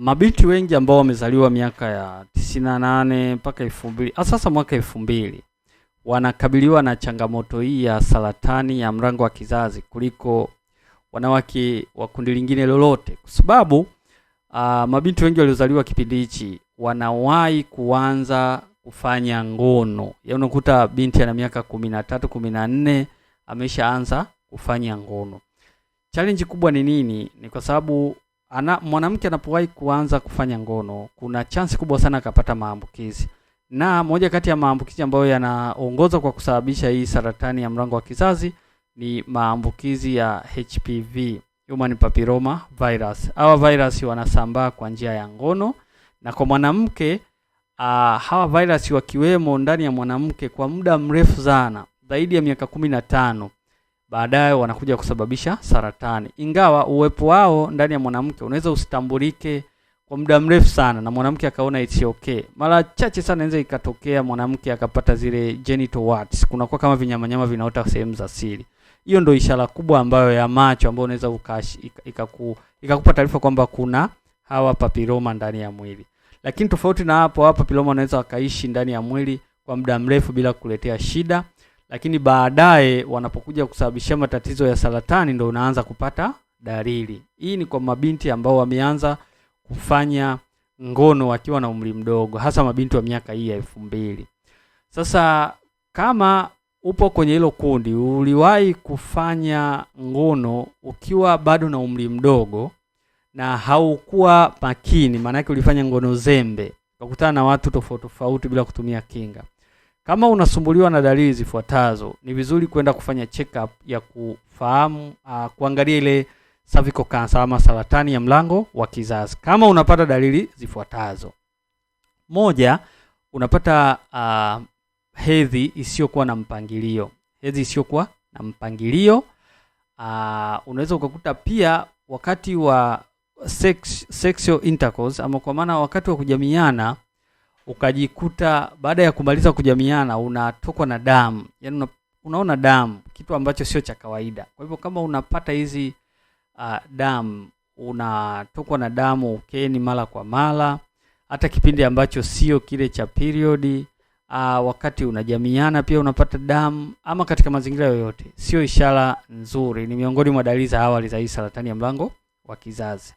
mabinti wengi ambao wamezaliwa miaka ya tisini na nane mpaka elfu mbili ah, sasa mwaka elfu mbili wanakabiliwa na changamoto hii ya saratani ya mlango wa kizazi kuliko wanawake wa kundi lingine lolote, kwa sababu uh, mabinti wengi waliozaliwa kipindi hichi wanawahi kuanza kufanya ngono. Ya yaani unakuta binti ana miaka kumi na tatu, kumi na nne ameshaanza kufanya ngono. Challenge kubwa ni nini? Ni kwa sababu ana mwanamke anapowahi kuanza kufanya ngono, kuna chansi kubwa sana akapata maambukizi, na moja kati ya maambukizi ambayo yanaongoza kwa kusababisha hii saratani ya mlango wa kizazi ni maambukizi ya HPV, human papiroma virus. Hawa virus wanasambaa kwa njia ya ngono, na kwa mwanamke uh, hawa virus wakiwemo ndani ya mwanamke kwa muda mrefu sana zaidi ya miaka kumi na tano baadaye wanakuja kusababisha saratani, ingawa uwepo wao ndani ya mwanamke unaweza usitambulike kwa muda mrefu sana na mwanamke akaona it's okay. Mara chache sana inaweza ikatokea mwanamke akapata zile genital warts, kunakuwa kama vinyamanyama vinaota sehemu za siri. Hiyo ndio ishara kubwa ambayo ya macho ambayo unaweza ikaku, ikakupa taarifa kwamba kuna hawa papiloma ndani ya mwili. Lakini tofauti na hapo, hawa papiloma wanaweza wakaishi ndani ya mwili kwa muda mrefu bila kuletea shida lakini baadaye wanapokuja kusababishia matatizo ya saratani ndo unaanza kupata dalili hii. Ni kwa mabinti ambao wameanza kufanya ngono wakiwa na umri mdogo, hasa mabinti wa miaka hii ya elfu mbili. Sasa kama upo kwenye hilo kundi, uliwahi kufanya ngono ukiwa bado na umri mdogo na haukuwa makini, maanake ulifanya ngono zembe, ukakutana na watu tofauti tofauti bila kutumia kinga kama unasumbuliwa na dalili zifuatazo, ni vizuri kwenda kufanya check up ya kufahamu uh, kuangalia ile cervical cancer ama saratani ya mlango wa kizazi. Kama unapata dalili zifuatazo, moja, unapata uh, hedhi isiyokuwa na mpangilio, hedhi isiyokuwa na mpangilio. Uh, unaweza ukakuta pia wakati wa sex, sexual intercourse ama kwa maana wakati wa kujamiana ukajikuta baada ya kumaliza kujamiana unatokwa na damu, yani una, unaona damu, kitu ambacho sio cha kawaida. Kwa hivyo kama unapata hizi uh, damu, unatokwa na damu ukeni mara kwa mara, hata kipindi ambacho sio kile cha periodi Uh, ah, wakati unajamiana pia unapata damu ama katika mazingira yoyote, sio ishara nzuri, ni miongoni mwa dalili za awali za hii saratani ya mlango wa kizazi.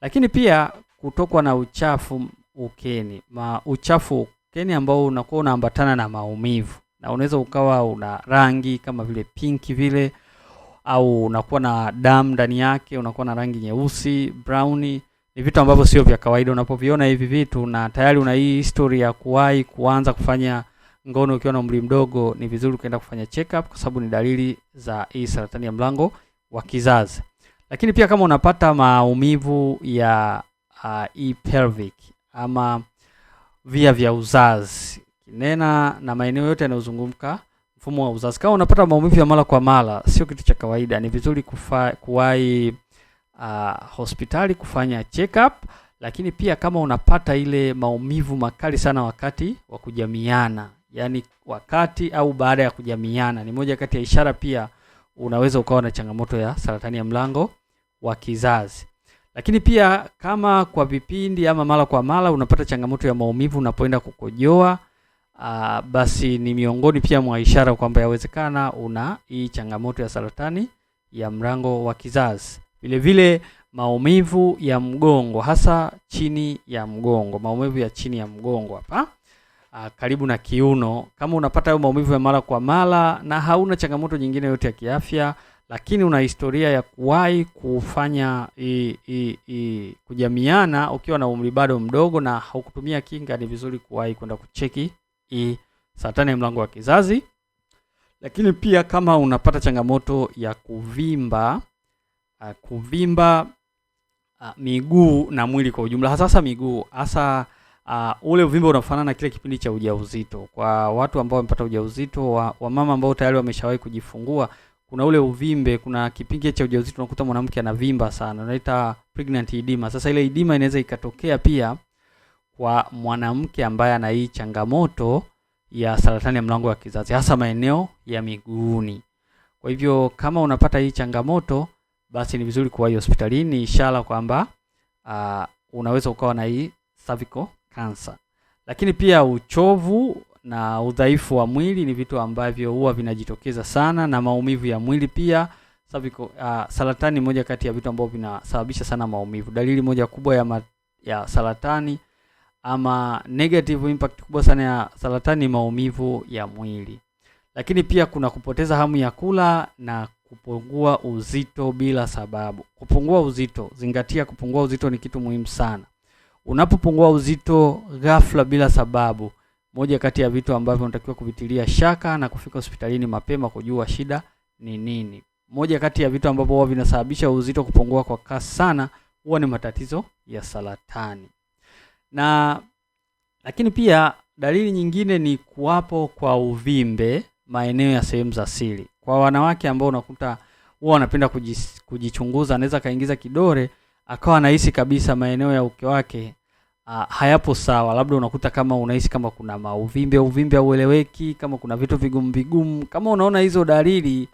Lakini pia kutokwa na uchafu ukeni ma uchafu ukeni ambao unakuwa unaambatana na maumivu, na unaweza ukawa una rangi kama vile pinki vile, au unakuwa na damu ndani yake, unakuwa na rangi nyeusi browni. Ni vitu ambavyo sio vya kawaida unapoviona hivi vitu, na tayari una hii historia ya kuwahi kuanza kufanya ngono ukiwa na umri mdogo, ni vizuri ukaenda kufanya check up, kwa sababu ni dalili za hii saratani ya mlango wa kizazi. Lakini pia kama unapata maumivu ya uh, pelvic ama via vya uzazi, kinena na maeneo yote yanayozunguka mfumo wa uzazi. Kama unapata maumivu ya mara kwa mara, sio kitu cha kawaida, ni vizuri kuwahi uh, hospitali kufanya check up. Lakini pia kama unapata ile maumivu makali sana wakati wa kujamiana, yani wakati au baada ya kujamiana, ni moja kati ya ishara pia unaweza ukawa na changamoto ya saratani ya mlango wa kizazi. Lakini pia kama kwa vipindi ama mara kwa mara unapata changamoto ya maumivu unapoenda kukojoa, uh, basi ni miongoni pia mwa ishara kwamba yawezekana una hii changamoto ya saratani ya mlango wa kizazi. Vile vile maumivu ya mgongo, hasa chini ya mgongo, maumivu ya chini ya mgongo hapa ah, karibu na kiuno. Kama unapata hayo maumivu ya mara kwa mara na hauna changamoto nyingine yote ya kiafya, lakini una historia ya kuwahi kufanya i, i, i, kujamiana ukiwa na umri bado mdogo na haukutumia kinga, ni vizuri kuwahi kwenda kucheki i saratani ya mlango wa kizazi. Lakini pia kama unapata changamoto ya kuvimba uh, kuvimba uh, miguu na mwili kwa ujumla, hasa hasa miguu hasa uh, ule uvimbe unafanana na kile kipindi cha ujauzito kwa watu ambao wamepata ujauzito wa, wa mama ambao tayari wameshawahi kujifungua kuna ule uvimbe, kuna kipindi cha ujauzito unakuta mwanamke anavimba sana, unaita pregnant edema. Sasa ile edema inaweza ikatokea pia kwa mwanamke ambaye ana hii changamoto ya saratani ya mlango wa kizazi, hasa maeneo ya miguuni. Kwa hivyo kama unapata hii changamoto, basi ni vizuri kuwahi hospitalini, ishara kwamba uh, unaweza ukawa na hii cervical cancer. Lakini pia uchovu na udhaifu wa mwili ni vitu ambavyo huwa vinajitokeza sana, na maumivu ya mwili pia. Cervical, uh, saratani moja kati ya vitu ambavyo vinasababisha sana maumivu. Dalili moja kubwa ya, ma, ya saratani ama negative impact kubwa sana ya saratani ni maumivu ya mwili, lakini pia kuna kupoteza hamu ya kula na kupungua uzito bila sababu. Kupungua uzito, zingatia, kupungua uzito ni kitu muhimu sana. Unapopungua uzito ghafla bila sababu moja kati ya vitu ambavyo unatakiwa kuvitilia shaka na kufika hospitalini mapema kujua shida ni nini. Moja kati ya vitu ambavyo huwa vinasababisha uzito kupungua kwa kasi sana huwa ni matatizo ya saratani. Na lakini pia dalili nyingine ni kuwapo kwa uvimbe maeneo ya sehemu za siri. Kwa wanawake ambao unakuta huwa wanapenda kujichunguza, anaweza kaingiza kidore akawa anahisi kabisa maeneo ya uke wake uh, hayapo sawa, labda unakuta kama unahisi kama kuna mauvimbe uvimbe haueleweki, kama kuna vitu vigumu vigumu, kama unaona hizo dalili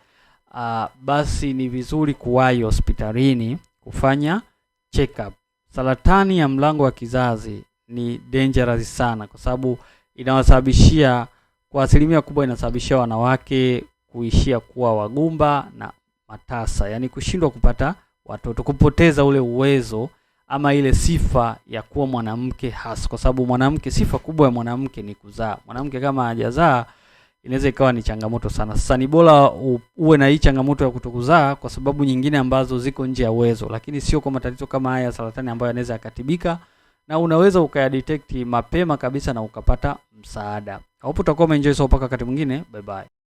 uh, basi ni vizuri kuwahi hospitalini kufanya check up. Saratani ya mlango wa kizazi ni dangerous sana, kwa sababu inawasababishia kwa asilimia kubwa inasababishia wanawake kuishia kuwa wagumba na matasa, yaani kushindwa kupata watoto, kupoteza ule uwezo ama ile sifa ya kuwa mwanamke hasa, kwa sababu mwanamke, sifa kubwa ya mwanamke ni kuzaa. Mwanamke kama hajazaa inaweza ikawa ni changamoto sana. Sasa ni bora uwe na hii changamoto ya kutokuzaa kwa sababu nyingine ambazo ziko nje ya uwezo, lakini sio kwa matatizo kama haya ya saratani ambayo yanaweza yakatibika na unaweza ukayadetect mapema kabisa na ukapata msaada. Hapo utakuwa umeenjoy. So mpaka wakati mwingine, bye bye.